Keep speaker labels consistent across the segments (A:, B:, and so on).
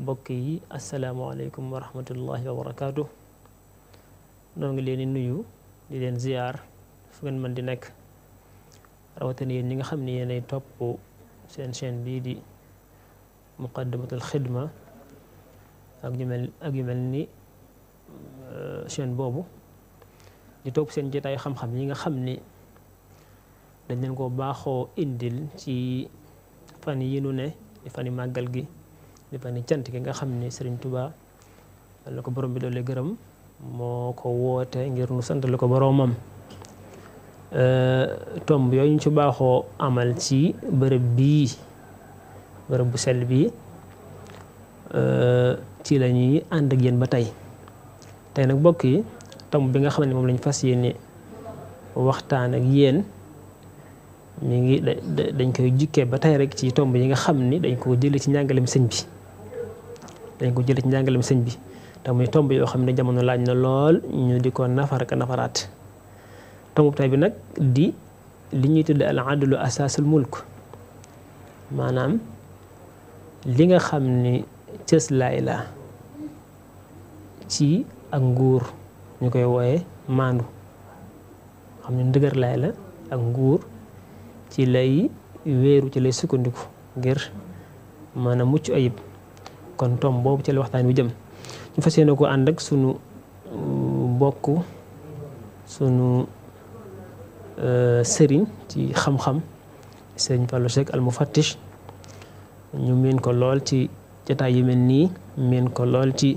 A: mbokk yi asalaamaaleykum wa rahmatullahi wa barakaatu noo ngi leen di nuyu di leen ziar fu ngeen mën di nekk rawatina yéen ñi nga xam ne yéenay topp seen chaîne bii di muqaddamatul xidma ak yu yu mel ni euh, chaîne boobu di topp seen jotaay xam-xam yi nga xam ni dañ leen ko baaxoo indil ci fan yi nu ne di fan yi màggal gi dépend ni cant ki nga xam ne Serigne Touba la ko borom bi doole gërëm moo ko woote ngir nu sant la ko boromam. Euh, tomb yooyu ñu ci baaxoo amal ci bërëb bii bërëb bu sell bii euh, ci la ñuy ànd ak yéen ba tey te nag mbokk yi tomb bi nga xam ne moom lañu fas ni waxtaan ak yéen mi ngi dañ koy jikkee ba tey rek ci tomb yi nga xam ni dañ ko jëlee ci njàngalem sëñ bi dañ ko jëlee ci njàngaleem sëñ bi te muy tomb yoo xam ne jamono laaj na lool ñu di ko nafar ak nafaraat tombu tay bi nag di li ñuy tudd al adlu asaasul mulk maanaam li nga xam ne cëslaay la ci ak nguur ñu koy wooye maandu xam ne ndëgër laay la ak nguur ci lay wéeru ci lay sukkandiku ngir maanaam mucc ayib kon tom boobu ci la waxtaan wi jëm ñu fa yéene ko ànd ak sunu euh, bokk sunu euh, sëriñ ci xam-xam sëriñ Fallou Seck al mufattish ñu meen ko lool ci jataay yu mel nii meen ko lool ci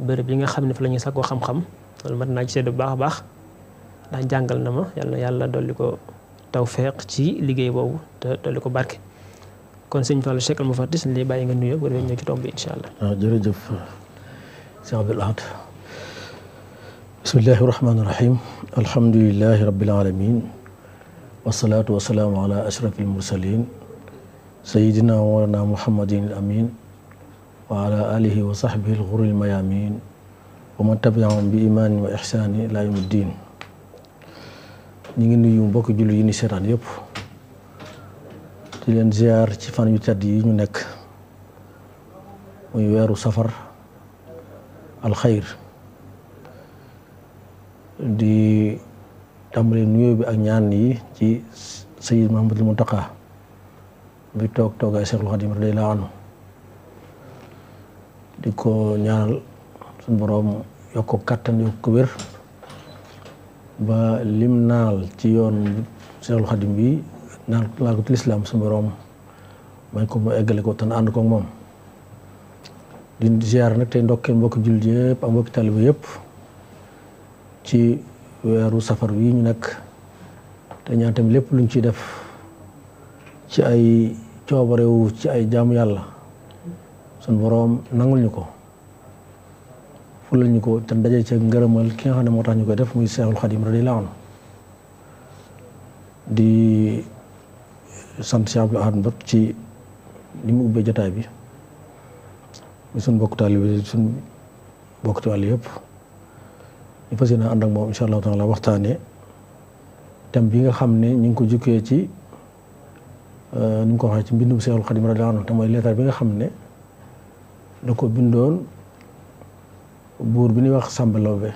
A: bërëb yi nga xam ne fa la ñuy sàkkoo xam-xam loolu mat naa ci seede bu baax a baax ndax jàngal na ma yàlla yàlla dolli ko tawfeex ci liggéey boobu te dolli ko barke kon sëñ Fallou Cheikh al Mufaddis li bàyyi nga nuyoo bu defee ñëw ci tomb bi incha allah.
B: waaw ah, jërëjëf sëñ Abdoul Ahad bismillahi rahmaani rahim alhamdulilahi rabbil alamin wasalaatu wasalaamu ala ashraf al mursalin sayidina walana muhammadin al amin wa ala alihi wa sahbihi al ghurri al mayamin wa man tabiahum bi imaanin wa ixsaanin ila yawmi ddin ñu ngi nuyu mbokki jullit yi ni seetaan yëpp di leen ziar ci fan yu yi ñu nekk muy weeru safar alxayr di tàmbali nuyoo bi ak ñaan yi ci sayid mahamadul muntaqa bi toog toogaay seexul xadim radiyallaahu anhu di ko ñaanal suñu boroom yokk ko kàttan yokk ko wér ba lim naal ci yoon seexul xadim bi ñaan laa ko ci lislaam su borom may ko mu eggale ko tan ànd ko moom di ziar nag tey ndokkee mbokki jullit yëpp ak mbokki taalibe yëpp ci weeru safar wi ñu nekk te ñaan tamit lépp luñ ciy def ci ay coobarewu ci ay jaamu yàlla sun borom nangul ñu ko fulal ñu ko te daje ca ngërëmal ki xam ne moo tax ñu koy def muy Seexul Xadim radiyallaahu anhu di sant Cheikh Abdoul Ahad Mbacké ci li mu ubbee jotaay bi muy suñ bokk taalibe yëpp ñu fas yéene ànd ak moom incha allahu taala waxtaanee thème bi nga xam ne ñu ngi ko jukkee ci euh, ni mu ko waxee ci mbindum Seexul Xadim radiyallaahu anhu te mooy leetar bi nga xam ne da ko bindoon buur bi ñuy wax Sàmba Lawbe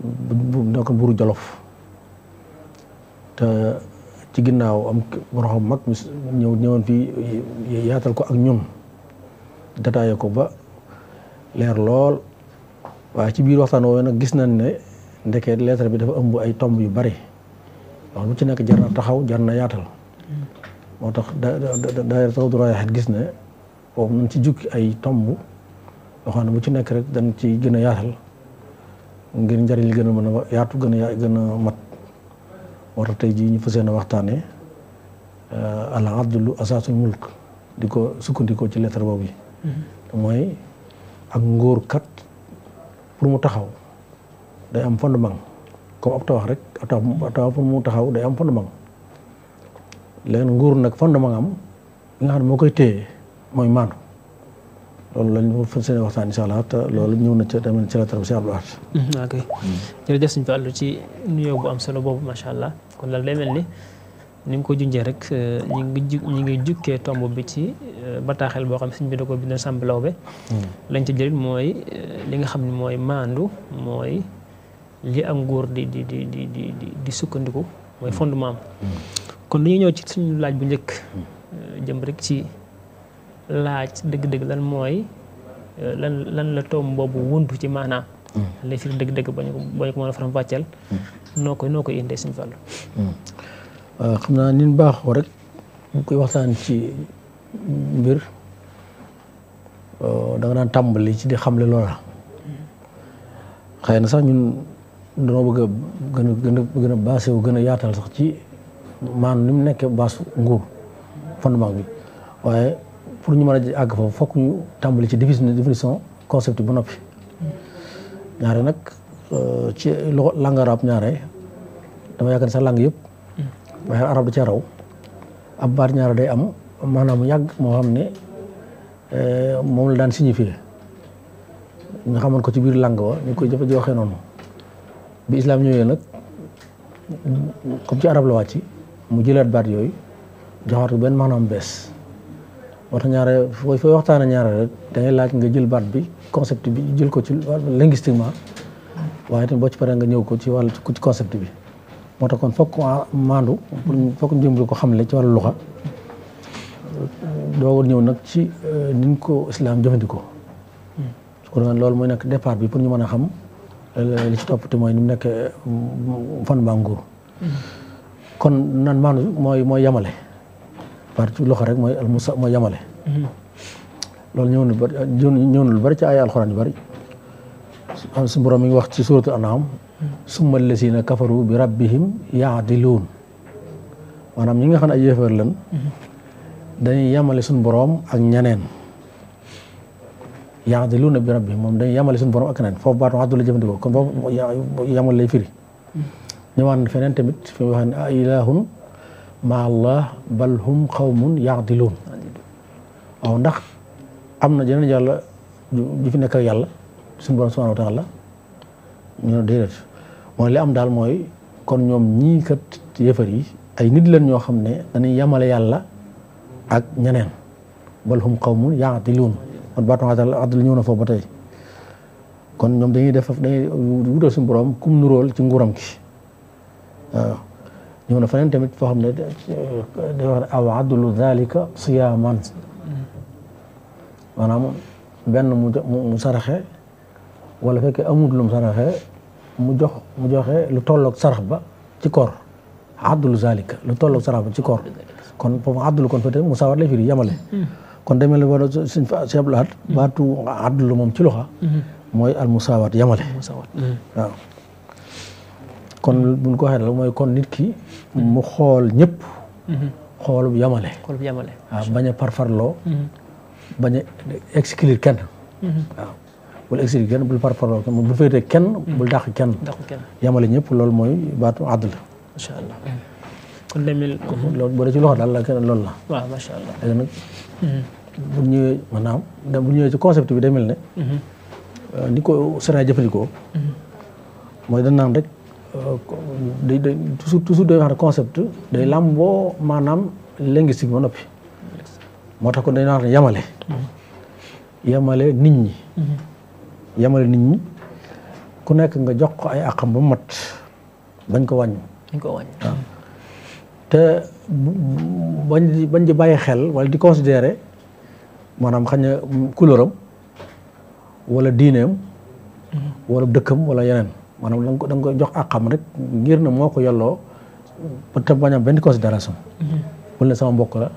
B: bu bu bu buuru Jolof te. ci ginnaaw am borom mag ñëw ñëwoon fii yaatal ko ak ñun détaillé ko ba leer lool waaye ci biir waxtaan woowu nag gis nañ ne ndeke lettre bi dafa ëmb ay tomb yu bari loolu bu ci nekk jar na taxaw jar na yaatal moo tax daayira Rawdu Rayaahiin gis ne boobu nañ ci jukki ay tomb yoo xam ne bu ci nekk rek dañ ci gën a yaatal ngir njëriñ li gën a mën a yaatu gën a mat war tey jii ñu fa yéene waxtaanee euh, al adlu asaasul mulk di ko sukkandikoo ci lettre boobu yi. Mm-hmm. mooy ak ngóor kat pour mu taxaw day am fondement comme ab tabax rek ab tabax pour mu taxaw day am fondement léegi nguur nag fondement am li nga xam ne moo koy téye mooy maandu. loolu lañ fa seen waxtaan incha allah te loolu ñëw na ca tamit ci la taram si Abdou Ahad.
A: Mm-hmm, ok jërëjëf suñu Fallou ci nuyoo bu am solo boobu macha allah kon nag day ni ni nga ko junjee rek euh, ñu ngi jukkee tomb bi ci euh, bataaxel boo xam suñ bi da ko bindal Samb Lawbe. Mm. lañ ci jëriñ mooy euh, li nga xam ne mooy maandu mooy li am nguur di di di di di di sukkandiku mooy mm. fondement am. Mm. kon dañuy ñëw ci suñu laaj bu njëkk jëm rek ci. laaj dëgg-dëgg lan mooy euh, lan lan la tomb boobu wuntu ci maanaam. lan mm. lay dëgg-dëgg ba ñu ko ba ñu ko mën a mm. noo koy noo koy indee suñu fàllu.
C: Mm.
B: Euh, waaw xam naa nin baaxoo rek bu koy waxtaan ci mbir euh, da tàmbali ci di xamle loola. xëy na sax ñun dañoo bëgg a gën a gën a gën baase wu gën a yaatal sax ci maanaam ni mu nekkee baasu nguur fondement bi waaye. pour ñu mën a àgg foofu fokk ñu tàmbali ci définition concept bu noppi ñaare nag euh, ci lo langue arabe ñaare dama yaakaar sax langue yëpp mm. waaye arabe da cee raw ab baat ñaare day am maanaam yàgg moo xam ne euh, moom la daan signifié ñu xamoon ko ci biir langue wa ñu koy jëfandikoo waxee noonu bi islam ñëwee nag comme ci arab la wàcc mu jëlaat baat yooyu joxaat benn maanaam bees moo tax ñaare fooy fooy waxtaanee ñaare dangay laaj nga jël baat bi concept bi jël ko ci linguistiquement waaye tamit boo ci paree nga ñëw ko ci wàllu ci concept bi moo tax kon fokk maandu. fokk njëmb ko xamle ci wàllu luxa ñëw nag ci euh, niñ ko islam jëfandikoo. su loolu mooy nekk départ bi pour ñu mën a xam euh, li ci topp te mooy ni mu nekk euh, fan baa nguur mm-hmm. kon nan maandu mooy mooy yamale. par ci loxo rek mooy almusa mooy yamale loolu ñëw na bari ñëw lu bari ci ay alxuraan yu bari am su borom mi ngi wax ci suuratu anaam summa lasina kafaru bi rabbihim yaadiluun maanaam ñi nga xam ne ay yéefar lan dañuy yamale suñu borom ak ñaneen bi rabbihim moom dañuy yamale suñu borom ak ñaneen foofu baatu addu la jëfandikoo kon foofu yamal lay firi hmm. ñëwaat feneen tamit fi ma allah bal hum xawmun yaadiluun waaw ndax am na jeneen yàlla ju fi nekk ak yàlla suñu borom subhanahu ñoo taala ñu ne déedéet mooy li am daal mooy kon ñoom ñii kat yëfar yi ay nit leen ñoo xam ne dañuy yemale yàlla ak ñeneen bal hum xawmun yaadiluun kon baatu adl ñëw na foofu ba tey kon ñoom dañuy def dañuy wutal suñu borom kum nuróol ci nguuram ki ñëw na feneen tamit foo xam ne day wax aw adlu dalika siyaaman benn mu mu saraxe wala fekke amut lu mu saraxe mu jox mu joxe lu tolloog sarax ba ci koor adlu zalika lu tolloog sarax ba ci koor kon foofu adlu kon fete mu sawat la firi yamale kon demel war a suñ fa seeblaat baatu adlu moom ci loxa mm-hmm. mooy al musawat yamale kon buñ ko waxee la mooy kon nit ki. mu xool ñëpp. Mhm. xoolub yamale. yamale waaw ah, bañ a parfarloo. Mhm. bañ a exclure kenn. Mhm. waaw bul exclure kenn bul parfarloo kenn bul féetee kenn. bul dàq kenn. dàq kenn yamale ñëpp loolu mooy baatu àddul. macha allah kon demil. loolu boo dee ci loxo daal la kenn loolu la. waaw euh, ko mooy dañ rek. Euh, day day toujours toujours day wax ne concept day làmboo maanaam linguistique ba noppi. moo tax kon dañu wax ne yamale. yamale nit ñi. yamale nit ñi ku nekk nga jox ko ay àqam ba mat bañ ko wàññi. bañ ko wàññi waaw te bañ di bañ di bàyyi xel wala di considérer maanaam xañ na couleuram wala diineem. Mm-hmm. wala dëkkam wala yeneen. maanaam da ko da koy jox ak rek ngir na moo ko yelloo ba bañ benn considération. wala mm-hmm. sama mbokk la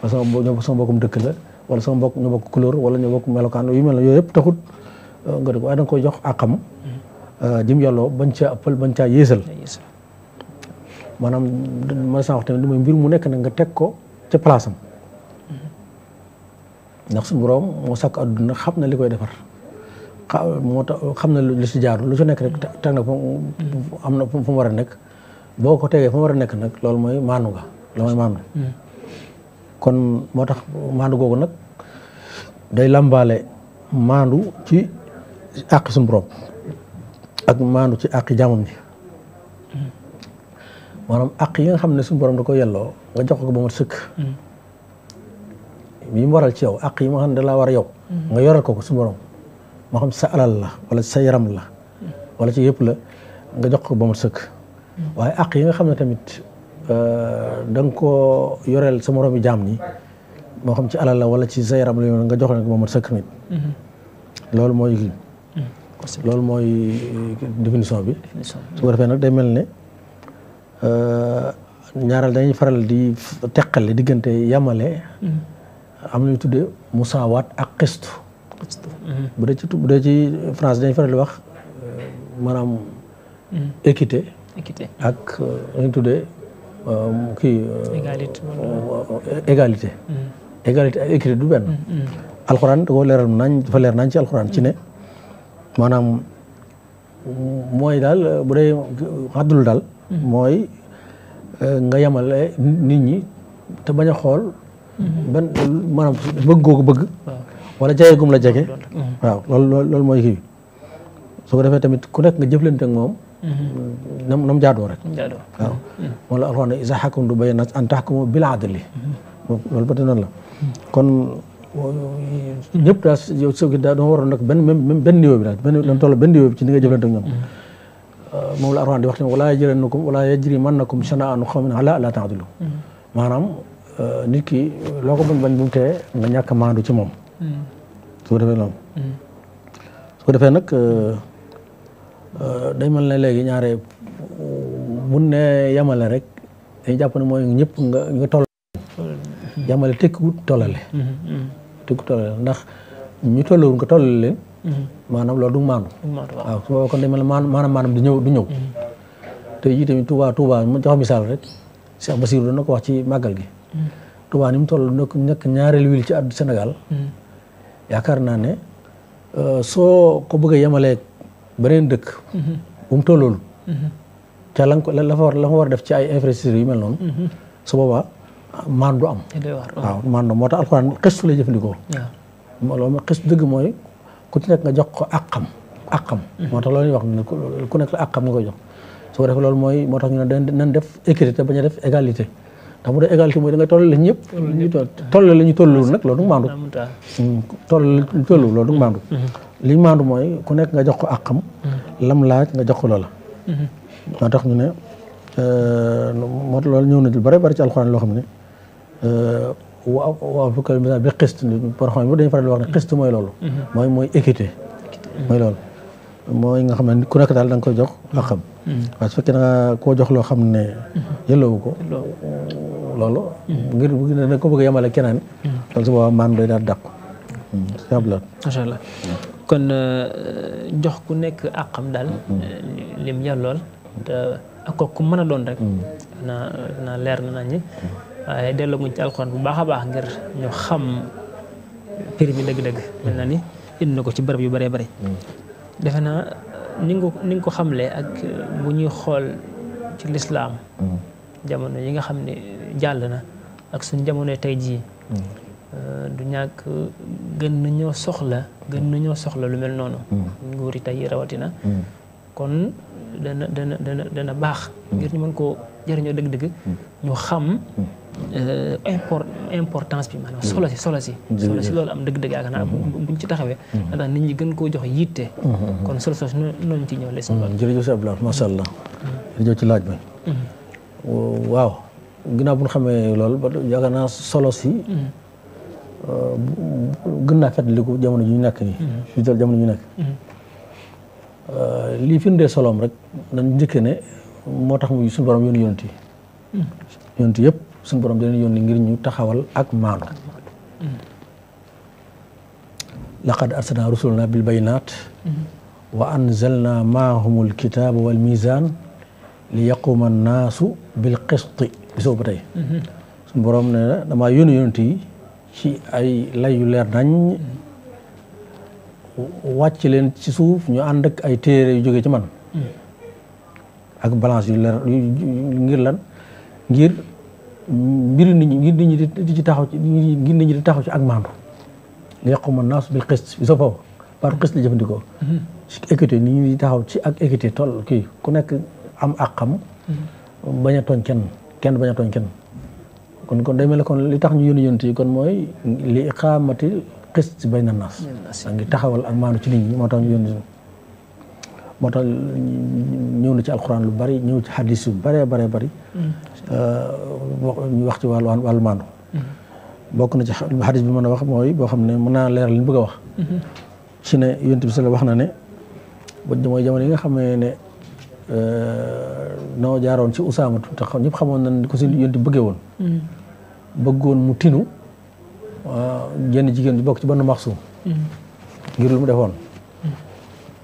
B: wala sama mbokk sama mbokkum dëkk la wala sama mbokk ñu bokk couleur wala ñu bokk melokaan yu mel ne yooyu yëpp taxut euh, nga def waaye da nga koy jox mm-hmm. euh, caa ëppal maanaam ma saa wax mbir mu nekk nag nga teg ko ca place am. Mm-hmm. ndax suñu borom moo sàkk adduna na li koy defar. moo tax xam na lu si jaar lu si nekk rek teg na am na fu mu war a nekk boo ko tegee fu mu war a nekk nag loolu mooy maanu nga loolu mooy maanu kon moo tax maandu googu nag day lambaale maandu ci àqi suñu borom ak maandu ci àqi jaamam ji maanaam àq yi nga xam ne suñu borom da ko yelloo nga jox ko ba mat sëkk mm. yi mu waral ci yow àq yi ma xam ne da laa war a yow mm. nga yoral ko ko suñu borom moo xam sa alal la wala sa yaram la wala ci yëpp la nga jox ko ba mu sëkk waaye àq yi nga xam ne tamit euh, da nga koo yoreel sa moroomi jaam ñi moo xam ci alal la wala ci sa yaram la nga jox leen ko ba mu sëkk nit mm-hmm. loolu mooy mm-hmm. loolu mooy euh, bi su ko defee nag day mel ne euh, ñaaral dañuy faral di teqale diggante yamale
C: mm-hmm.
B: am nañu tudde musaawaat ak xistu
A: Mhm.
B: bu dee ci bu dee ci dañ faral di wax euh, maanaam. Mhm. équité. équité ak li euh, ñu tuddee euh, kii. égalité égalité. Mhm. égalité du benn. alxuraan da koo nañ dafa leer nañ ci alxuraan ci mooy daal bu dee xaddul daal. mooy nga yemale nit ñi te bañ a xool. benn maanaam wala jege gum la jege. Mm-hmm. waaw loolu loolu mooy kii su ko defee tamit ku nekk nga jëflante ak moom. Mm-hmm. nam nam jaadoo rek. jaadoo waaw. Mm-hmm. wala alxuraan isa xakum du bay nas an taxkumu bil adli loolu ba tey noonu la kon ñëpp daal yow sëw gi daal dama waroon nag benn même benn niveau bi daal benn dañ toll bi ci ni nga jëflante ak ñoom. Uh, moom la alxuraan di wax tamit wala yajrimannakum wala yajrimannakum shana'anu qawmin ala allaa ta'dilu maanaam uh, nit ki loo ko bañ nga ñàkk a maandu ci moom. su ko defee defee nag euh, day mel ne léegi ñaare bu ne yamale rek dañu jàpp ne mooy ñëpp nga nga toll. yamale tekkiwut tollale. tekkiwut ndax ñu tollawul nga tollal leen. maanaam loolu du maandu. waaw su boobaa day mel ne maanaam du ñëw du ñëw. te yi tamit Touba Touba mu jox misaal rek Cheikh Bassirou dana ko wax ci màggal gi. Touba ni mu toll nekk ñaareelu ville ci àddu Sénégal. yaakaar naa ne euh, soo ko bëgg a yemalee beneen dëkk. bu mu toll loolu. ca la la fa war la fa war def ci ay infrastructures yu mel noonu. su boobaa am du am. waaw maan du moo tax alxuraan xestu lay jëfandikoo. waaw loolu mooy dëgg mooy ku ci nekk nga jox ko ak àqam mm-hmm. moo tax loolu ñuy wax ne ku nekk ak àqam nga koy jox soo ko defee loolu mooy moo tax ñu ne dañ def équité bañ a def égalité. ndax bu dee égalité mooy da nga toll la ñu la ñu tolluwul nag loolu du maandu. Mm, toll la ñu tolluwul loolu du
C: mm-hmm.
B: maandu. mooy ku nekk nga jox ko àqam.
C: Mm-hmm.
B: lam laaj nga jox ko loola. Mm-hmm. moo tax ñu ne euh, moo loolu ñëw na lu bari ci alxuraan loo xam ne waaw waaw bu ko misaal bi xist bi dañu mooy loolu. mooy mooy équité mooy loolu. mooy nga xam ne ku nekk daal da nga koy jox ak xam. waaye su fekkee da nga koo jox loo xam ne. yëlloowu ko. loolu. Hmm. ngir bugg ko bëgg a yemale keneen. Hmm. loolu su boobaa maan doy daal dàq. Hmm.
A: Euh, ku nekk euh, ak xam daal. lim yàllool ko ku mën a doon rek. na naa leer na nañu. waaye delloo guñ ci alxuraan bu baax a baax ngir ñu xam prix bi dëgg-dëgg. mel na ni indi na ko ci barab yu bëree bëri. defe naa ni nga ko ni nga ko xamlee ak uh, bu ñuy xool ci lislaam mm. jamono yi nga xam ne jàll na ak suñ jamono tey jii mm. uh, du ñàkk gën nañoo soxla gën nañoo soxla lu mel noonu mm. nguur yi tey rawatina kon dana dana dana baax ngir ñu mën koo jëriñoo dëgg-dëgg ñu xam euh, import importance bi maanaam solo si solo si solo si loolu am dëgg-dëgg yaakaar naa buñ ci taxawee nit ñi gën koo jox yitte kon solo si noonu ci
B: ñëw les mm, jërëjëf si Abdoulaye macha allah mm-hmm. jërëjëf ci laaj bi
A: mm-hmm.
B: waaw ginnaaw bu ñu xamee loolu ba yaakaar naa solo si mm-hmm. euh, gën naa nekk nii fii tal jamono ñu nekk euh, rek dañ njëkkee ne moo tax mu suñu borom yónni yónent yi yontu yëpp suñu borom dina yónni ngir ñu taxawal ak maandu laqad arsalna na bil bayinaat wa anzalna maahumul kitaaba wal misaan li yaquma annaasu bil qisti gisoo ba tey suñu borom ne na damaa yónni yonent yi ay lay yu leer nañ wàcc leen suuf ñu ànd ak ay téere yu jógee ci man ak balance yu leer ngir lan ngir mbir nit ñi ngir nit ñi di ci taxaw ci ngir ñi di taxaw ci ak maandu li yaqumu naas bil qist bi sa foofu baatu qist la jëfandikoo mm-hmm. ci équité nit di taxaw ci ak équité toll kii ku nekk am ak xam
C: mm-hmm.
B: bañ a tooñ kenn kenn bañ kenn kon kon day mel ne kon li tax ñu yónni yónni yi kon mooy li iqaamati qist bayna naas a ngi taxawal ak maandu ci nit moo tax ñu yónni moo tax ñëw na ci alxuraan lu bari ñëw ci xadis yu baree baree bari. Mm-hmm. Euh, ñu wax ci wàllu wàllu maandu. Mm-hmm. bokk na ci xadis bi ma a wax mooy boo xam ne mën naa leeral li ñu a wax. Mm-hmm. ci ne yonent bi sala wax na ne mooy jamono yi nga xam ne euh, noo jaaroon ci Usaamatu te ñëpp xamoon nañ ko si yonent bi bëggee woon. mu tinu euh, jenn jigéen bi bokk ci benn maxsum. ngir lu mu defoon.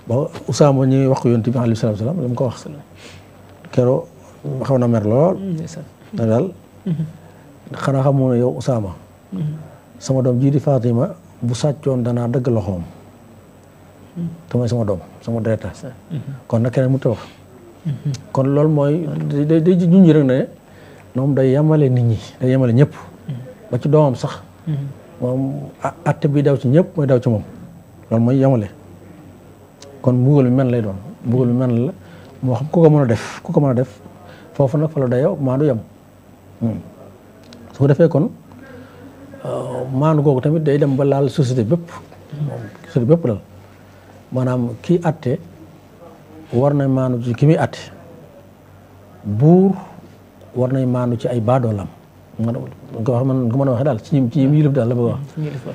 B: ba Usaama ñuy wax ko yonent bi alayhi salaatu salaam ko wax kero xaw na mer lool mm-hmm. na daal
C: mm-hmm.
B: xanaa xamoo ne Usaama
C: mm-hmm.
B: sama doom jii di Fatima bu sàccoon danaa dëgg loxoom te mooy sama doom sama dereta kon nag keneen mu te wax kon loolu mooy day day junj rek ne moom day yemale nit ñi day yemale ñëpp ba ci doomam sax moom atte bi daw ci ñëpp mooy daw ci moom loolu mooy yemale kon mbugal mi man lay doon mbugal mi man la moo xam ku ko mën a def ku ko mën a def foofu nag fa la dayoo maandu hmm. su ko defee kon euh, maandu googu tamit day dem ba laal société bépp société bépp dal maanaam kii atte war na maandu ci ki muy atte buur war nay maandu ci ay baadoolam man ko wax man ko mën a waxee daal ci ñi ci yilif daal la bëgg wax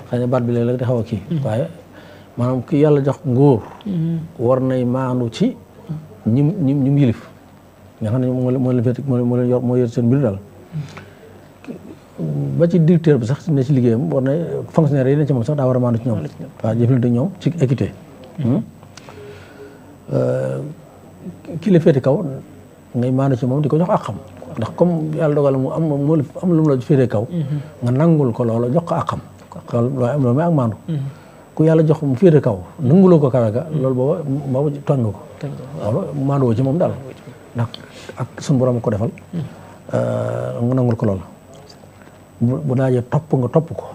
B: xëy baat bi léeg-léeg di xaw kii hmm. maanaam ki yàlla jox nguur mm-hmm. war nay maandu ci ñi ñi ñi mu yilif nga xam ne moo moo leen féete moo leen yor moo yor seen daal mm-hmm. ba ci directeur bi sax ne ci liggéeyam war na fonctionnaire yi ne ci moom sax daa war a maandu ci ñoom waaw jëflante ñoom ci équité mm-hmm. hmm? euh, ki la féete kaw ngay maandu ci moom di ko jox ak xam ndax comme yàlla dogal mu am lu mu la féete kaw nga nangul ko loola jox ko ak xam ak maandu ku yàlla jox mu féete kaw nanguloo ko kawe ga loolu booba booba tooñ nga ko loolu maandoo ci moom daal ndax ak suñu borom ko defal euh, mu nangul ko lool nga topp ko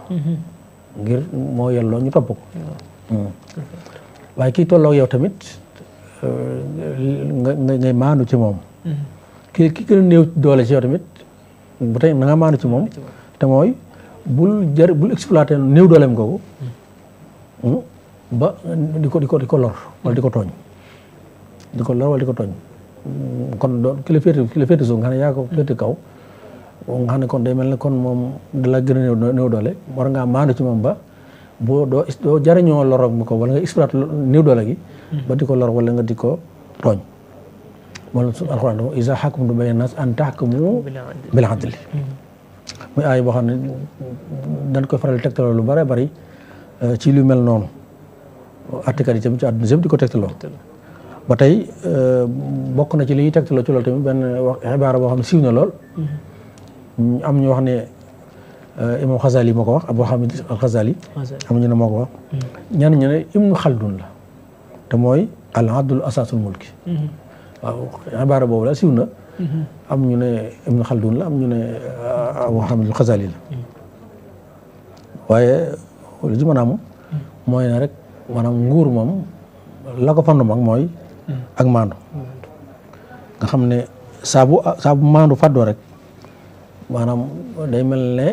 B: ngir hmm. euh, ci moom kii ki gën a néew doole ci yow tamit bu tey na nga ci moom te mooy bul jar bul exploité néew dooleem googu ba di ko di ko di ko lor wala di ko tooñ mm, kon doon ki la féete ki la féete suuf nga xam ne yaa ko féete kaw nga xam ne kon day mel ne kon moom da la gën a néew doole war ngaa maandu ci moom ba boo doo jariñoo lor ak ko wala nga exploite néew doole gi ba di ko lor wala nga di ko tooñ wala su alxuraan dama isa xakum du bayna nas an taxkumu bil adli mm-hmm. muy aay boo xam ne dañ koy faral tegtaloo lu bare bari Euh, ci lu mel noonu attekat yi tamit ci àdduna sëpp di ko tegtaloo ba tey euh, bokk na ci li ñuy tegtaloo ci loolu tamit benn wax xibaara boo xam ne siiw na lool mm-hmm. am ñu wax ne euh, imam Xazali moo ko wax Abu Hamid al Xazali am ñu ne ko wax
C: mm-hmm.
B: ñenn ñu ne la te mooy al adlu asaasul mulki mm-hmm. waaw xibaara boobu la siiw na am ñu ne Ibnu Xaldun la am ñu ne Abu Hamid al Xazali la waaye loolu si a am mooy ne nguur moom la ko mooy ak maandu ne saa bu saa bu maandu fàddoo day mel ne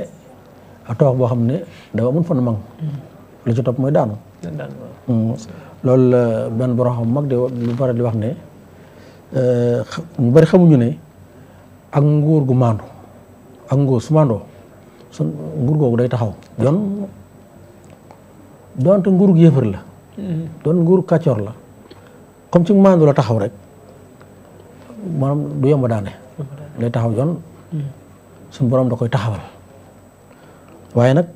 B: boo xam ne dafa amul fandu mag lu ci topp mooy daanu de lu bari di wax ne euh, ñu bari xamuñu ne ak nguur gu maandu ak nguur su maandoo nguur googu day taxaw yoon donte nguurug yëfër la mm-hmm. doon nguurug kàccoor la comme ci maandu la taxaw rek maanaam du yomb daane lay taxaw yoon mm-hmm. suñu borom da koy taxawal waaye nag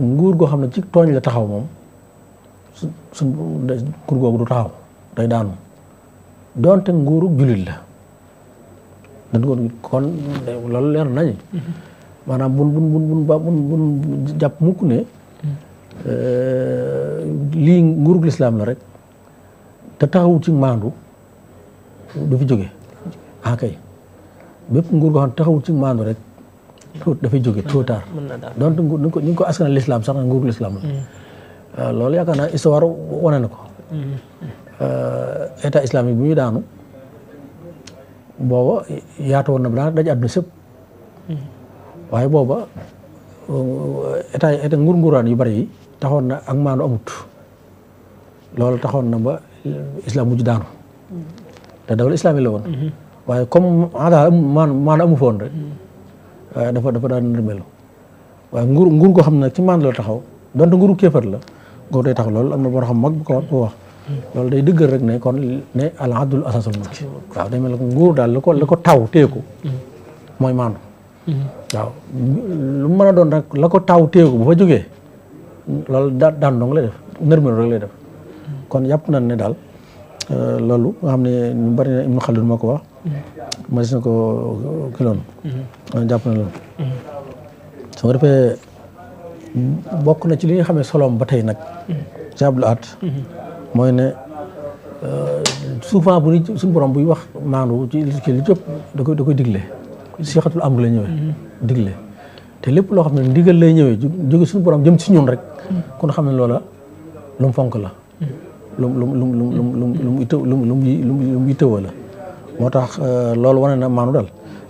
B: nguur goo xam ne ci tooñ la taxaw moom su suñ nguur du taxaw day daanu donte nguuru jullit la dañ ko kon nañ mm-hmm. maanaam bun bun bun bun bun jàpp mukk ne Euh, lii nguurug lislaam la rek te taxawul ci maandu du fi jóge ah kay bépp nguur goo xam ne taxawul ci maandu rek tout dafay jóge trop tard donc ñu ko ñu ngi lislaam sax na nguurug lislaam la mm. euh, loolu yaakaar naa histoire mm. euh, mm. waaye booba état état nguur nguuraan yu bari taxoon na ak maandu amut loolu taxoon na ba islam daanu mm-hmm. te dawla islam la woon mm-hmm. waaye comme ada maandu foon rek mm-hmm. dafa daan ndërmelu waaye nguur nguur goo xam ne ci maandu la taxaw donte nguuru kéefar la nguur day tax loolu na boo xam bu ko ko wax loolu day dëggal rek ne kon ne al adul asasul mulk waaw day mel ne nguur daal la ko la ko taw téeku mooy maandu waaw lu mu mën a doon rek la ko taw téeku bu fa jógee loolu daan daan dong lay def nërmelu rek lay def kon yàpp na ne daal euh, loolu nga xam ne ñu bari na Ibnu Xaldun moo ko wax ma gis na ko kiloon mhm. jàpp na loolu mhm. su ko defee bokk na ci li nga xamee soloom ba tey nag mhm. ci Abdul Ahad mooy ne euh, souvent bu ñu suñu borom buy wax maandu ci li ci li da koy da koy digle digle te lépp loo xam ne ndigal lay ñëwee jóge suñu borom jëm si ñun rek kon xam ne loola lu fonk la lu mu lu mu lu mu lu mu lu mu la moo tax euh, loolu wane na maanu dal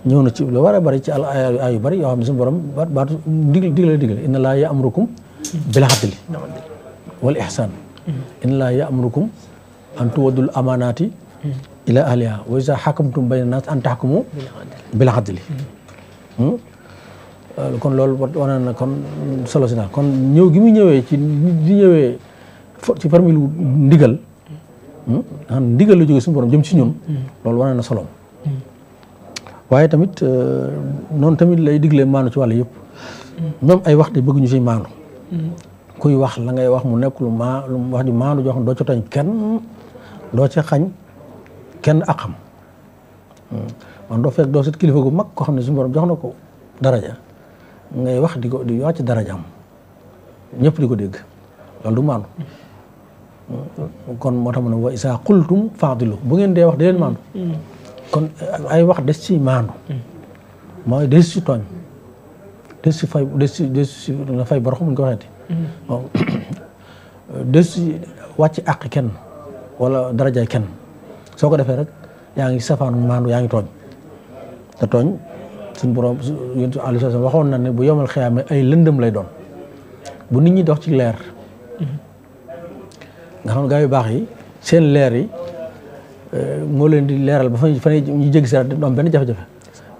B: ñëw na ci lu war a bari ci ay yu yoo xam ne suñu borom baat baatu ndigal digal digal inna laa ya'murukum bil adli wal ihsan inna laa ya'murukum an tuwaddul amaanaati ila ahliha wa iza hakamtum bayna
C: naas
B: kon loolu wane na kon solo si na kon ñëw gi muy ñëwee ci di ñëwee ci formule ndigal hmm, xam ndigal la jógee suñu borom jëm ci ñun loolu wane na solo waaye tamit euh, noonu tamit lay diglee maanu ci wàll yëpp ñoom ay wax de bëgg ñu ci maanu kuy wax la ngay wax mu nekk lu maa wax di maanu joo xam doo ca kenn doo ca xañ kenn ak xam hmm. man doo fekk doo set kilifa gu mag koo xam ne suñu jox na ko daraja ngay wax di ko di wàcc darajaam ñëpp di ko dégg loolu du maandu kon moo tax ma ne wa isa qultum bu ngeen dee wax di leen maandu kon ay wax des ci maandu mooy des ci tooñ des ci fay des ci des ci nga fay borox mun des ci wàcc àq kenn wala darajaay kenn soo ko defee rek yaa ngi safaanu maandu yaa ngi tooñ te tooñ suñ borom yonent waxoon na ne bu yomal ma ay lëndëm lay doon bu nit ñi dox ci leer nga xam gaa yu baax yi seen leer yi eh, moo leen di leeral ba fa ñu jéggi sera du am benn jafe-jafe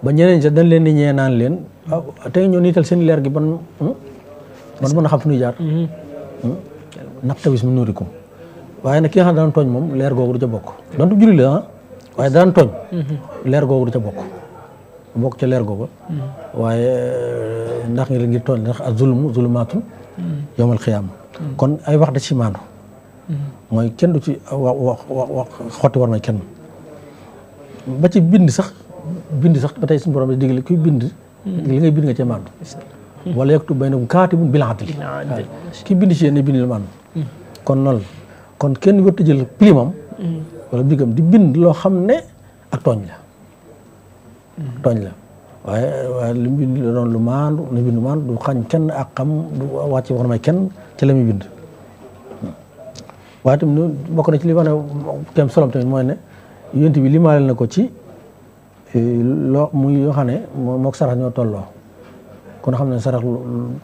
B: ba ñeneen sax dañ leen di ñee naan leen ah, tey ñoo niital seen leer gi ba man hmm? mën a xam fu ñuy jaar mm-hmm. hmm? nabtawis min nuurikum waaye nag ki nga xam ne tooñ moom leer googu du ca bokk donte julli la ah waaye daan tooñ
C: mm-hmm.
B: leer googu du ca bokk bokk ca leer googu waaye euh, ndax ngir ngir toon ndax ak zulmu zulmaatun xiyaama kon ay wax da ci maandu mooy kenn du ci wax wax wax xotti war may kenn ba ci bind sax bind sax ba tey suñu borom di digle kuy bind li ngay bind nga cee maandu wala yaktub baynahum kaatibun bil adli ki bind ci yéen ne bind maandu kon noonu kon kenn wërta jël pilimam mm. wala bigam di bind loo xam ne ak tooñ la tooñ la waaye waaye lu maandu lu bind maandu du xañ kenn ak xam du wàcc wax na may kenn ci la muy bind waaye tamit bokk na ci li wax ne kenn solom tamit mooy ne yonent bi limaale na ko ci eh, loo mu yoo xam ne mook sarax ñoo tolloo kon xam ne sarax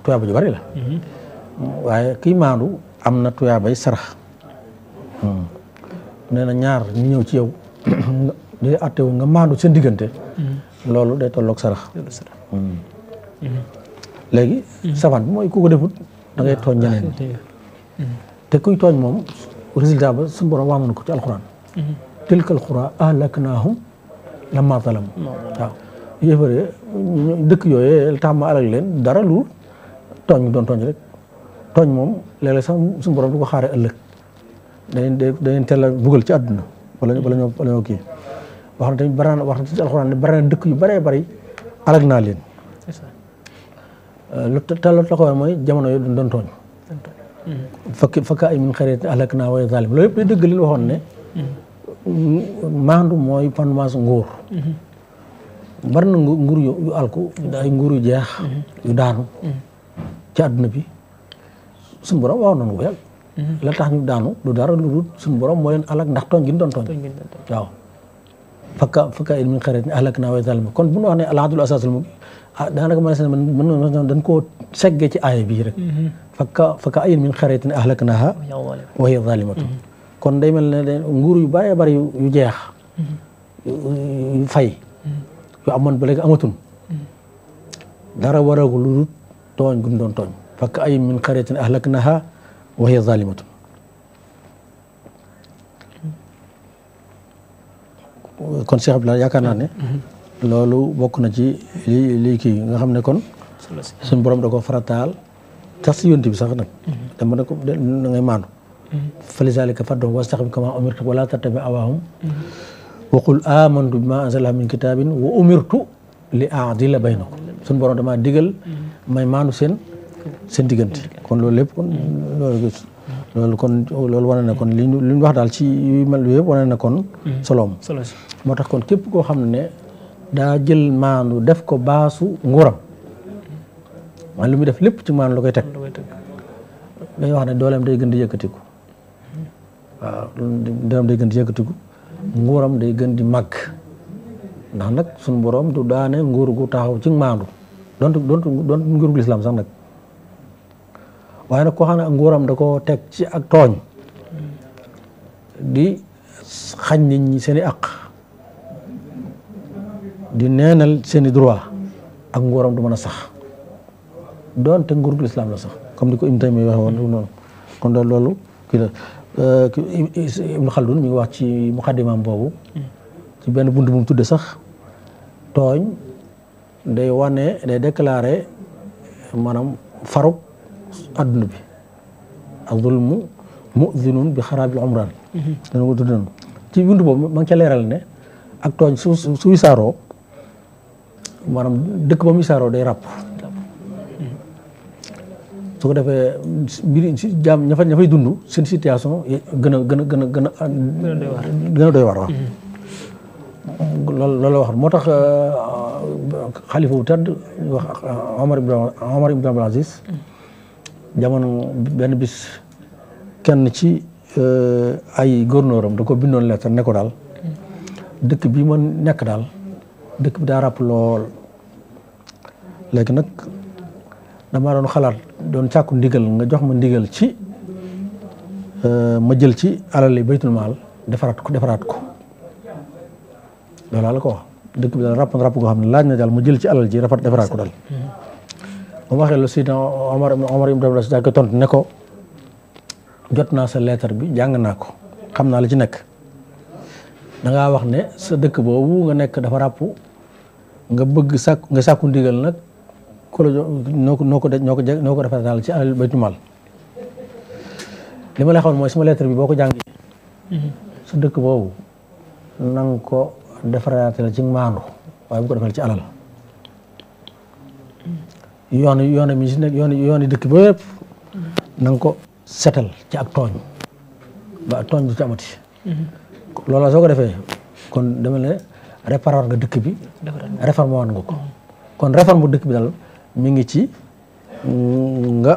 B: tuyaaba ju la waaye kii maandu am na tuyaabay sarax hmm. nee na ñaar ñu ñëw ci yow day àtte wu nga maandu seen diggante.
C: Mm-hmm.
B: loolu day tolloog sarax.
C: Mm-hmm.
B: léegi. Mm-hmm. savane mooy ku ko defut da ngay ah, tooñ te kuy tooñ moom résultat ba suñu borom ko ci alxuraan. tilkal xuraa ahlaknaahum lammaa zalamu waaw dëkk yooyee tàmm leen dara lu tooñ doon tooñ rek tooñ moom léeg-léeg sax suñu borom du ko xaaree ëllëg dañuy dañuy bugal ci àdduna wala wala ñoo kii. wax na tamit bari na dëkk yu bare bëri alag naa leen. Euh, lu te loolu la ko war mooy jamono yooyu doon tooñ. Mm-hmm. fakki ay min xarit alak naa waaye zalim loolu yëpp day dëgg li ñu waxoon ne. Mm-hmm. maandu nguur. Mm-hmm. bari nguur yu alku yu jeex. yu daanu. ci àdduna bi suñu borom waxoon nañu ko la tax ñu daanu du dara lu dul suñu borom moo leen ndax tooñ gi ñu tooñ. fakka fakka in min xaratin ahlaknaa wa zalma kon bu ñu wax ne alhadul asaasul mubin ah daanaka man mën na dañ koo seggee ci aaya bii rek mm-hmm. fakka fakka in min xaratin ahlaknaaha wa hiya zalimatu mm-hmm. kon day mel ne nguur yu bëree bëri yu jeex mm-hmm. yu fay yu amoon ba léegi amatul dara waragul lu dul tooñ gum doon tooñ fakka in min xaratin ahlaknaaha wa hiya zalimatu kon Cheikh Abdoulaye yaakaar naa ne. loolu bokk na ci li lii kii nga xam ne kon. suñu borom da ko farataal tax si yonti bi sax nag. dama ne ko da ngay maanu. falizaalika fad'uhum wastaqim kamaa umirta wa laa tattabi' ahwaa'ahum. wa qul aamantu bimaa anzala Allaahu min kitaabin wa umirtu li a'dila baynakum suñu borom damaa digal. may maanu seen seen diggante kon loolu lépp kon loolu loolu kon loolu wane na kon li ñu li ñu wax daal ci yu mel yëpp wane na kon. Hmm. soloom moo tax kon képp koo xam ne daa jël maandu def ko baasu nguuram man li muy def lépp ci maandu la koy teg dañuy wax ne dooleem day gën di yëkkatiku waaw dooleem day nguuram day gën di mag ndax nag sunu borom du daane nguur gu taxaw ci maandu dont donte donte nguur gu lislaam sax nag. waaye nag koo xam ne nguuram da ko teg ci ak tooñ di xañ nit ñi seen i àq di neenal seen i droit ak nguuram du man a sax doonte nguurug lislaam la sax comme ni ko Ibn Taymiya waxe woon loolu kii la euh, Ibn ngi wax ci muqaddimaam boobu ci benn bunt bu mu tudde sax tooñ day wane day déclaré maanaam faruk adduna bi azulmu muzinun bi xaraabil umraan mm-hmm. dana ko tudd ci buntu boobu ma ngi ca ne ak tooñ su su ma maanaam dëkk ba mu wisaaroo day ràpp su ko defee mbir jaam ña fa ña fay dund seen situation gën a gën gën gën a gën a doy waar mm-hmm. loolu wax moo tax euh, xalifa bu tedd wax Omar ibn jamono benn bis kenn ci euh, ay góornóoram da ko bindoon lettre ne ko daal dëkk bi ma nekk daal dëkk bi daa ràpp lool léegi nag damaa doon xalaat doon càkku ndigal nga jox ma ndigal ci euh, ma jël ci alal yi baytul maal defarat ko defaraat ko loolu la ko dëkk bi daal ràpp ràpp goo xam ne laaj na daal ma jël ci alal ji rafet defaraat ko daal mm-hmm. ba mu waxee la Seydina ne ko naa sa leetar bi jàng naa ko xam naa la ci nekk dangaa wax ne sa dëkk boobu nga nekk dafa rapp nga bëgg sàkk nga sàkku ndigal nag ku la noo ko noo ko noo ko noo ko ci alal baytu maal li mooy sama lettre bi boo ko jàngee
C: mm-hmm.
B: dëkk boobu na ko defaraatal ci maandu waaye ci alal yoon yoon mi si nekk yoon yoon dëkk ba yëpp na nga ko setal ci ak tooñ ba ak tooñ du ci amati
C: mm-hmm.
B: loolu soo ko defee kon dama ne réparer nga dëkk bi réforme waan nga ko mm-hmm. kon réforme bu dëkk bi daal mi ngi ci mm, nga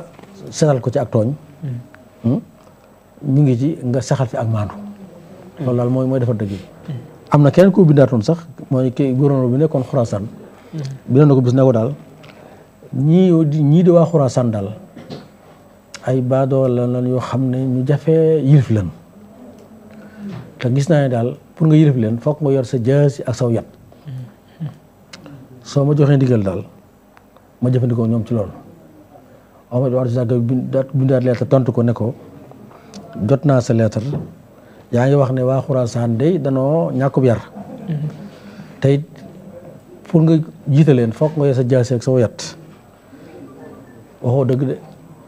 B: setal ko ci ak tooñ mm-hmm. hmm? mi ngi ci nga saxal fi ak maandu loolu daal mooy mooy defar dëkk bi am na keneen ku bindaatoon sax mooy kii góoróonoo bi nekkoon Xuraasaan bindoon na ko bis ne ko daal ñii ñii di waa Xuraasaan daal ay baadoo la lan yoo xam ne ñu jafee yilif leen te gis naa ne daal pour nga yilif leen foog nga yor sa jaasi ak saw yat soo ma joxee ndigal daal ma jëfandikoo ñoom ci loolu Omar Ibn Abdul Aziz tontu ko ne ko jot naa sa lettre yaa ngi wax ne waa Xuraasaan day danoo ñàkkub yar mm-hmm. tey leen foog sa jaasi ak waxoo dëgg de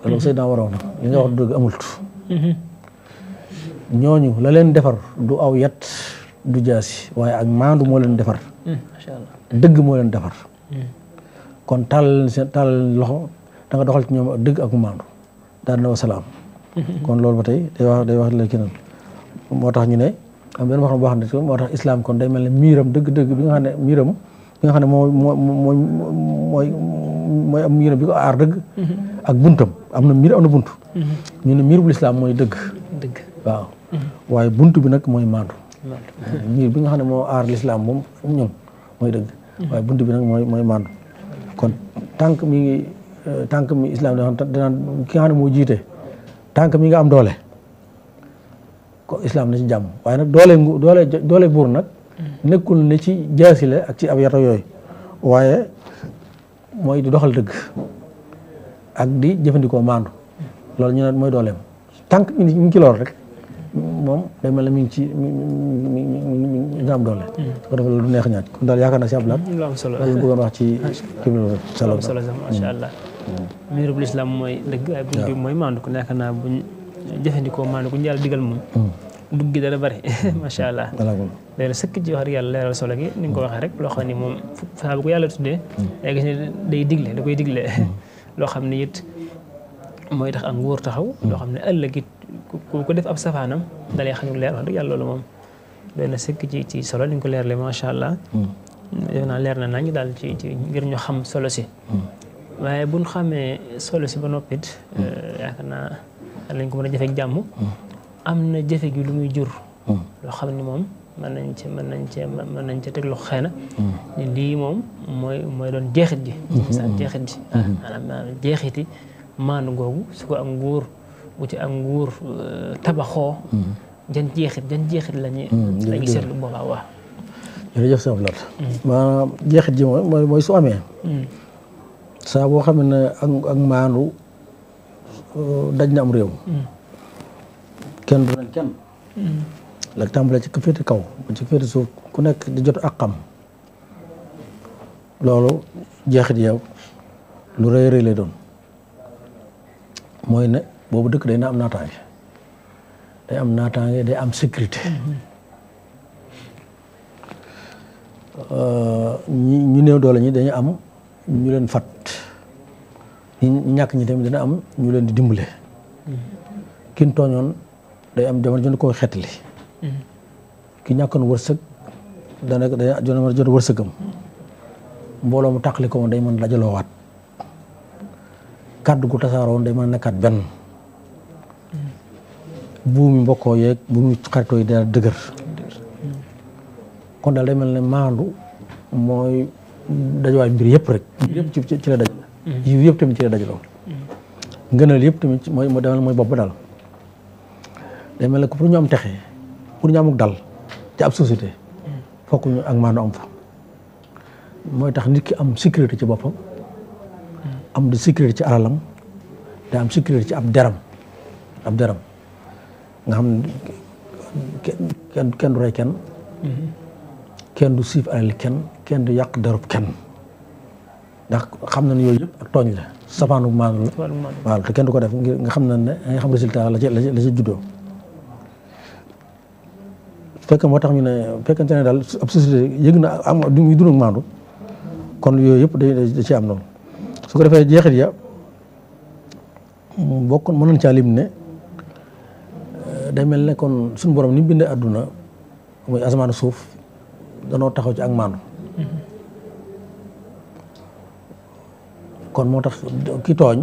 B: loolu Seydina waroon na li nga wax dëgg amult ñooñu la leen defar du aw yat du jaasi waaye ak maandu moo leen defar hmm, dëgg moo leen defar kon tàllal seen tàllal loxo da nga doxal ci ñoom dëgg ak maandu daal na wa salaam hmm. kon loolu ba tey day wax day wax la keneen moo tax ñu ne am benn wax boo xam ne moo tax islam kon day mel ne miiram dëgg-dëgg bi nga xam ne miiram bi nga xam ne moo mooy mooy am bi ko dëgg. ak buntam am na miir am na bunt. ñu ne lislaam mooy dëgg. dëgg waaw. Mhm. waaye bunt bi nag mooy maandu. miir bi nga xam ne moo aar lislaam moom ñoom mooy dëgg. Mhm. waaye bunt bi nag mooy mooy maandu. kon tànk mi ngi euh, tànk mi islam dana ki moo jiite tànk mi nga am doole. ko islam na ci jàmm waaye nag doole doole doole buur nag. Mhm. nekkul ne ci jaasi la ab yato yooyu mooy di doxal dëgg ak di jëfandikoo maandu loolu ñu ne mooy dooleem tànk mi ngi ci loolu rek moom day mel ne mi ngi ci mi mi mi nga am doole. Hmm. su ko defee loolu du neex ñaaj kon daal yaakaar naa si Abdoulaye. Hmm. lu am solo la loolu bëggoon wax ci. Hmm. kii bi la am solo macha
C: allah.
A: mirubul islam mooy dëgg waaye bu ñu mooy maandu ko yaakaar naa bu ñu jëfandikoo maandu ko ñu yàlla digal moom. dugg gi dana bëri hmm. macha allah. léegi sëkk ji wax dëgg yàlla leeral solo gi ni ko waxee rek loo xam ni moom saa bu ko yàlla tuddee. Hmm. day gis ne da koy digle. Hmm. loo xam ni it mooy tax ak nguur taxaw. loo xam ne ëllëg it ku ko def ab safaanam. dalee xañu leer wax yàlla loolu moom. doy na sëkk ci solo ni ko leeralee macha allah. defe leer na nañu daal ci ci ngir ñu xam solo si. waaye bu ñu xamee solo si ba noppit eh, yaakaar naa lañ ko mën a jafee jàmm. am na jafe gi lu muy jur. Hmm. loo xam ni moom mën nañ ci mën nañ cee mën nañ cee teg lu xëy na. Hmm. ni lii moom mooy mooy doon jeexit ji. misaal hmm. jeexit ji. maanaam jeexiti maanu googu su ko ak nguur bu ci ak nguur euh, tabaxoo. jan jeexit jan jeexit lañuy. lañuy seetlu boobaa
B: waaw. jërëjëf sëñ Abdoulaye. maanaam jeexit ji mooy mooy su amee. saa boo xam ne ak ak maanu euh, daj na am réew. kenn du leen kenn. la tàmbalee ci féete kaw ba ci féete suuf ku nekk di jot ak xam loolu jeexit yow lu rëy rëy doon mooy ne boobu dëkk day na am naataange day am naataange day am sécurité. ñi ñu néew doole ñi dañu am ñu leen fat ñi ñàkk ñi tamit dina am ñu leen di dimbale. kin tooñoon day am jamono jënd koo xetli ki ñàkkoon wërsëg dana day jamono jënd wërsëgam mbooloo mu tàqali ko woon day mën dajaloo waat kàddu gu day mën a nekkaat benn buumi mbokkoo yeeg buumi xaritoo yi dëgër kon day mel ne maandu mooy dajawaay mbir yëpp rek yëpp ci la
C: mm-hmm.
B: yëpp tamit ci la dajaloo mm-hmm. ngënal yëpp tamit mooy bopp daal day mel ne pour ñu am texe pour ñu amuk dal ci ab société mm. fokk ñu ak maanu am fa mooy tax nit ki am sécurité ci boppam mm. am di sécurité ci alalam da am sécurité ci ab deram ab deram nga xam kenn kenn du rey kenn mm-hmm. kenn du siif kenn kenn du yàq derub kenn ndax xam na ne yooyu yëpp ak tooñ la safaanu maanu la waaw te kenn du ko def nga xam na ne nga xam résultat la ci la ci juddoo fekk moo tax ñu ne fekkente ne daal ab société yëg na am du muy dund ak maandu kon yooyu yëpp day da ci am noonu su ko defee jeexit ya bokk mën nañ caa lim ne euh, day mel ne kon suñu borom ni mu adduna àdduna muy asamaan suuf danoo taxaw ci ak maandu kon moo tax ki tooñ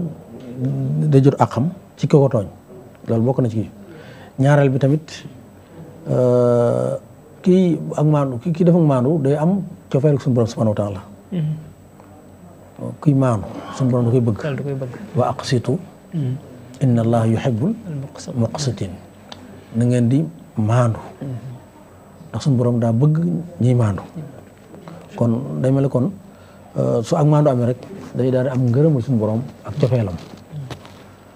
B: da jot ak xam ci ko ko tooñ loolu bokk na ci ñaareel bi tamit Euh, kii ak maandu ki ki def ak maandu day am cofeel ak suñu borom subhanahu wa taala
A: mm-hmm.
B: kii maandu suñu borom da koy bëgg wa aqsitu mm-hmm. inna allaha yuhibbul muqsitin na maandu mm-hmm. borom daa bëgg ñiy maandu kon day mel kon euh, su ak maandu amee rek day daal am ngërëmal suñu borom ak cofeelam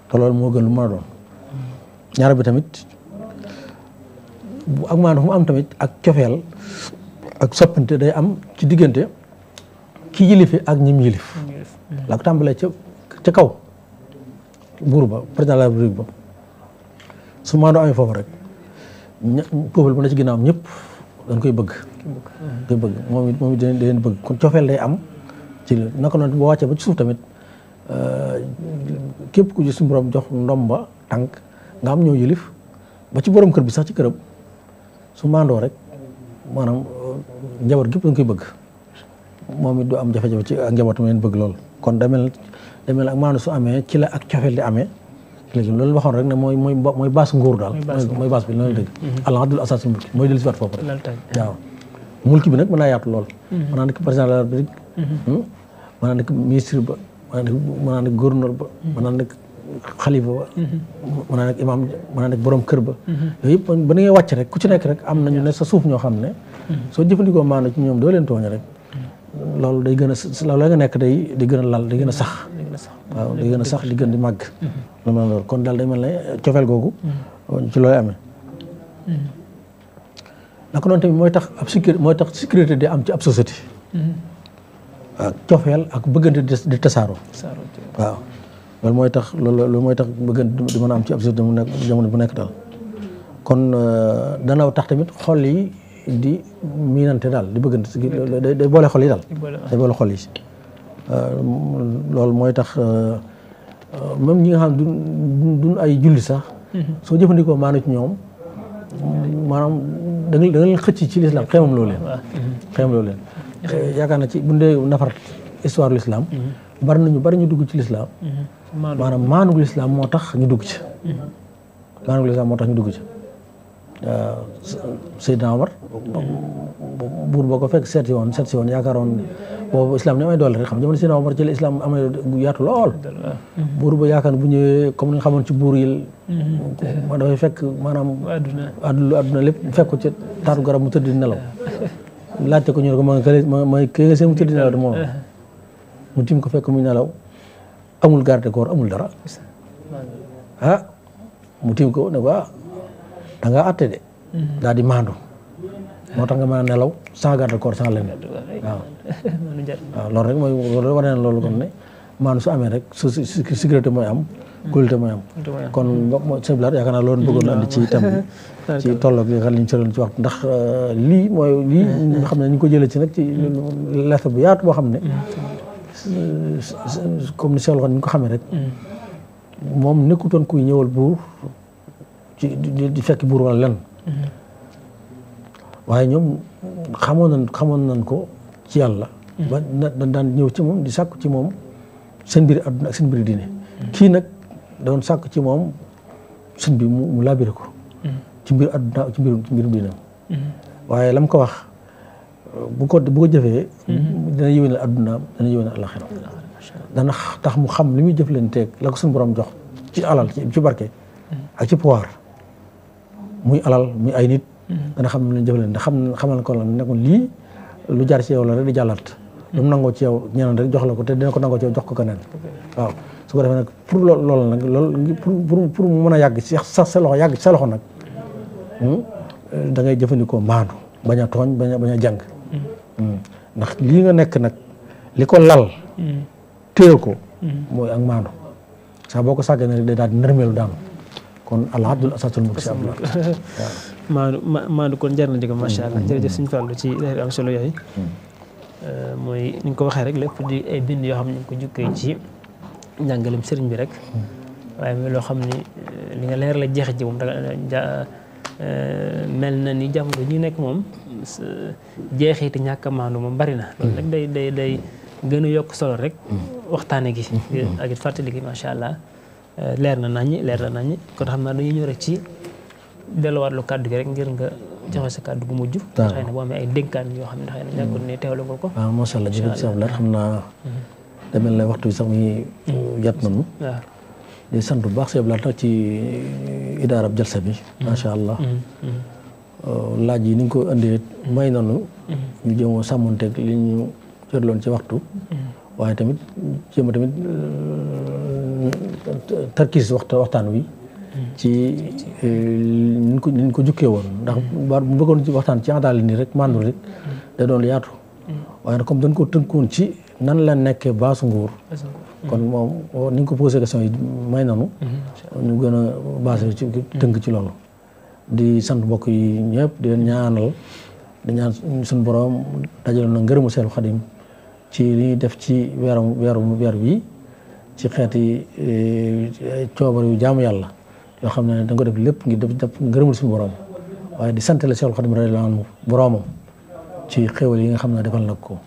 B: te loolu moo lu mën a doon ñaar bi tamit ak maanaam fu mu am tamit ak cofeel ak soppante day am ci diggante ki yilifi ak ñim yilif la ko tàmbalee ca ca kaw buur ba président de la République ba su maandoo amee foofu rek ña peuple bu ne ci ginnaawam ñëpp dañ koy bëgg koy bëgg moom moom it dañ bëgg kon cofeel day am ci naka noonu boo wàccee ba ci suuf tamit euh, képp ku ci suñu borom jox ndomba tànk nga am ñoo yilif ba ci boroom kër bi sax ci këram su maandoo rek maanaam njaboot gépp dañ koy bëgg moom it du am jafe-jafe ci ak njabootam leen bëgg lool kon demel demel su amee ci la ak cofeel di amee léegi loolu waxoon rek ne mooy mooy mooy baas nguur daal mooy baas bi loolu dëgg mm-hmm. allah dul asas mulki mooy dellu si waat foofu rek waaw mulki bi nag mën naa yaatu lool mm-hmm. mën naa nekk président de la république mm-hmm. hmm? mën naa nekk ministre ba mën naa nekk ba mën naa xalifa ba mën mhm. naa nekk imaam mën naa nekk borom kër ba mhm. yooyu yëpp ba na wàcc rek ku ci nekk rek am nañu ne sa suuf ñoo xam ne mhm. soo jëfandikoo maana ci ñoom doo leen tooñ rek loolu day gën a loolu la nga nekk di gën a a sax waaw day gën a sax di gën di màgg lu mel loolu kon daal day mel ne cofeel googu ci looy amee naka noonu tamit mooy tax ab sécurité di am ci ab société waaw cofeel ak bëggante di tasaaroo waaw loolu mooy tax loolu mooy tax bëgg di mën a am ci ab société mu nekk bu nekk daal kon euh, dana tax tamit xol yi di miinante daal di bëggante day boole xol yi daal day boole xol yi euh, loolu mooy tax euh, même ñi nga xam duñ duñ ay julli sax mhm. soo jëfandikoo maanu ci ñoom maanaam da da nga leen xëcc ci lislaam xeemam loolu leen mhm. xeemam loolu leen eh, yaakaar na ci bu dee nafar histoire l'islam mhm. bari nañu bari ñu dugg ci lislaam maanaam maanugul islam moo tax ñu dugg ci mhm. maanugul islam moo tax dugg ci Seydina Omar buur boo ko fekk set si woon seet si woon yaakaaroon boobu islam ni amee doole rek xam jamono Seydina Omar ci la islam amee yaatu lool buur ba yaakaar bu ñëwee comme ni nga ci buur yi ma mhm. dafay fekk maanaam adduna adduna lépp fekk ko ci taatu garab mu tëdd nelaw laajte ko ma nga kële ma ma kii nga mu tëdd mu tim ko fekk mu nelaw amul garde corps amul dara mu tiim ko ne ko ah da atte de mhm. daal di maandu moo tax nga ma nelaw sans garde corps sans leneen waaw
A: waaw
B: loolu rek mooy loolu war na loolu kon ne maandu su amee rek su sécurité mhm. mooy am kóolute mooy am kon mbokk mooy sëñ Bilane yaakaar naa loolu bëggoon na andi ci tam
C: bi
B: ci tolloog yi euh, mhm. xam ne ñu sëroon ci ndax lii mooy lii xam ne ñu ko jëlee ci nag ci lettre bu yaatu boo xam ne comme ni Cheikh ni ko xamee rek. moom toon ku ñëwal buur ci di fekk buur wala lenn. waaye ñoom xamoon nañ xamoon nañ ko ci yàlla. ba daan ñëw ci moom di sàkku ci moom seen mbiri àdduna ak seen mbiri diine. kii nag doon sakk ci moom sëñ bi mu mu laabire ko. Mm. ci mbir àdduna ci mbirum ci mbirum
C: mm-hmm.
B: waaye lam wax. bu ko bu ko jëfee. Mm-hmm. dina yéwénal addunaam dina yéwénal alaxira dana tax mu xam li muy jëflanteeg la ko suñu borom jox ci alal ci barke. ak ci pouvoir muy alal muy ay nit. Mm-hmm. dana xam ne lu ñu jëflante xam xamal ko la ne kon lii lu jaar ci yow la rek di jàllaat. lu mu nangoo ci yow ñeneen rek jox la ko te dina ko nangoo ci yow jox ko keneen. waaw su ko defee nag pour lool loolu nag loolu pour mu mën a yàgg ci sa loxo yàgg sa loxo nag hmm, da ngay jëfandikoo maandu bañ a tooñ bañ a a jàng. ndax lii nga nekk nag li ko lal. Mm. téye ko. Mm. mooy ak maandu. saa boo ko sàggee rek day daal di nërmeelu daanu kon alhamdulilah asatul mulk si Abdoulaye waaw.
A: maandu maandu kon jar na jëgam macha allah mm. jërëjëf suñu fàllu ci leer am solo yooyu. Euh, mooy ni ko waxee rek lépp di ay bind yoo xam ne ñu ko jukkee ci njàngalem sëriñ bi rek. loo xam ni euh, li nga leer la jeex ji moom euh, mel na ni jamono ñi nekk moom. jeexiti ñàkk a maandu bari na. Mm. loolu rek day day day gën yokk solo rek. Mm. waxtaane gi. Mm. ak it fàttali gi macha allah eh, leer na naññi leer na naññi kon xam naa dañuy ñëw rek ci delluwaat lu kàddu gi rek ngir nga joxe sa kàddu gu mujj. waaw xëy na boo yoo xam ne xëy na ñàkkul ne teewlu nga ko. waaw macha allah jërëjëf
B: a Abdou mm-hmm. na waxtu bi sax muy yat mm-hmm.
A: nañu.
B: sant bu ci eh, idaarab jalsa bi. Mm-hmm. macha allah. Euh, laaj yi ni nga ko indee may nanu mm-hmm. ñu jéemoo sàmmanteeg li ñu cërloon ci waxtu mm-hmm. waaye tamit jéem a tamit euh, tarkiis waxta waxtaan wi
C: mm-hmm.
B: ci euh, niñ ko niñ ko jukkee woon ndax ba bëggoon ci waxtaan ci àndaale nii rek màndu rek da doon yaatu waaye nag comme dañ ko tënkoon ci nan la nekkee baasu nguur kon moom ni nga ko posé question yi may nanu ñu gën a basé ci tënk ci loolu di sant bokk yi ñëpp di leen ñaanal di ñaan suñu borom dajal na ngërëmu Seexul Xadim ci li def ci weeram weeru weer bi ci xeeti eh, coobar yu jaamu yàlla yoo xam ne da ko def lépp ngir def ngërëmul suñu borom waaye di sant la Seexul Xadim radiyallaahu anhu boromam ci xéwal yi nga xam ne defal na ko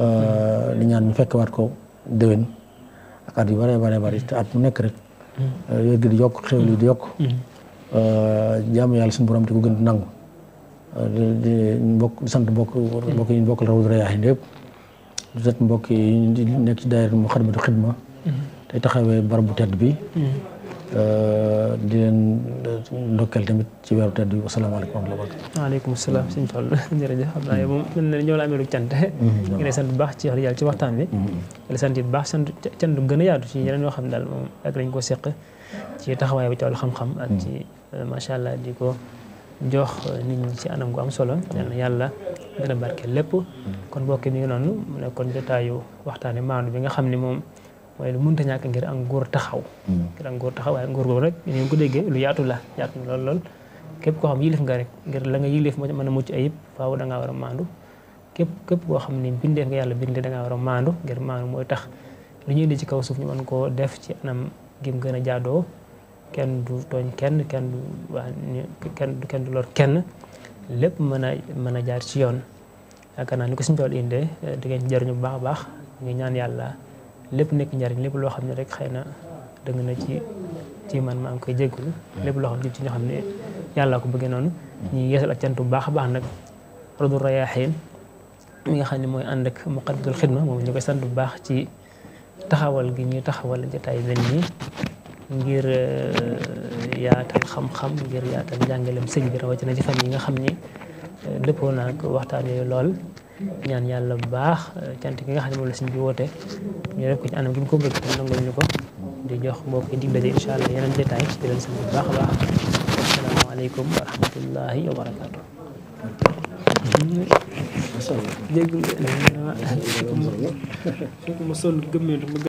B: eh, di ñaan ñu fekk ko déwén bare bare bari te mu nekk rek yëg mm. eh, di yokk xéwal yi di yokk mm. Euh, jaamu yàlla suñu borom di ko gën di nangu euh, sant mbokk mbokk yi ñu bokkal rawdu rayaahin sant mbokk yi di nekk ci daayira mu xadmatu xidma mm-hmm. tey taxawee barabu tedd bi mm-hmm. euh, di leen ndokkeel tamit ci weeru tedd bi wasalaamaaleykum wa rahmatulah.
A: waaleykum salaam sëñ Fall jërëjëf xam mm-hmm. naa moom mel cant. ñu ngi sant baax ci waxtaan bi. di sant bu baax cant gën a yaatu ci yeneen yoo xam ne daal moom ak lañ ko seq ci taxawaay bi ci xam-xam. Euh, macha allah di ko jox euh, nit ñi ci anam gu am solo. yàlla yàlla gën a barke lépp. kon mbokk mi ngi noonu mu ne kon jotaayu bi nga xam ni moom mooy lu mënta ñàkk ngir am nguur taxaw. Mm. ngir am nguur taxaw waaye nguur googu rek lu yaatu la yaatu lool lool. képp koo xam yilif nga rek la nga yilif moo mën a mucc ayib faaw da ngaa a maandu képp képp koo xam ne bindeef nga yàlla bindee da ngaa a maandu ngir maandu mooy tax lu ñu indi ci kaw suuf ñu mën koo def ci anam gim gën a kenn du tooñ kenn kenn du waa kenn du kenn du lor kenn lépp mën a mën a jaar ci yoon yaakaar naa ni ko suñu tool indee eh, da ngeen jariñu bu baax a baax ngi ñaan yàlla lépp nekk njariñ lépp loo xam ne rek xëy na dëgg na ci ci man maa ngi koy jéggul lépp loo xam ne ci ñoo xam ne yàlla ko bëggee noonu ñu yeesal a cant bu baax a baax nag rodu rayaaxiin mi nga xam ne mooy ànd ak muqaddimatul xidma moom ñu koy sant bu baax ci taxawal gi ñuy taxawal jataay benn nii ngir yaatal xam-xam ngir yaatal njàngaleem sëñ bi rawatina ci fan yi nga xam ni dëppoo naa waxtaan yooyu lool ñaan yàlla bu baax cant gi nga xam ne moom la sëñ bi woote ñu def ko ci anam mu ko bëgg tam nangul ñu ko di jox mbokk yi dig daje incha allah yeneen détail si leen sant bu baax a baax asalaamaaleykum wa rahmatullahi wa barakaatu.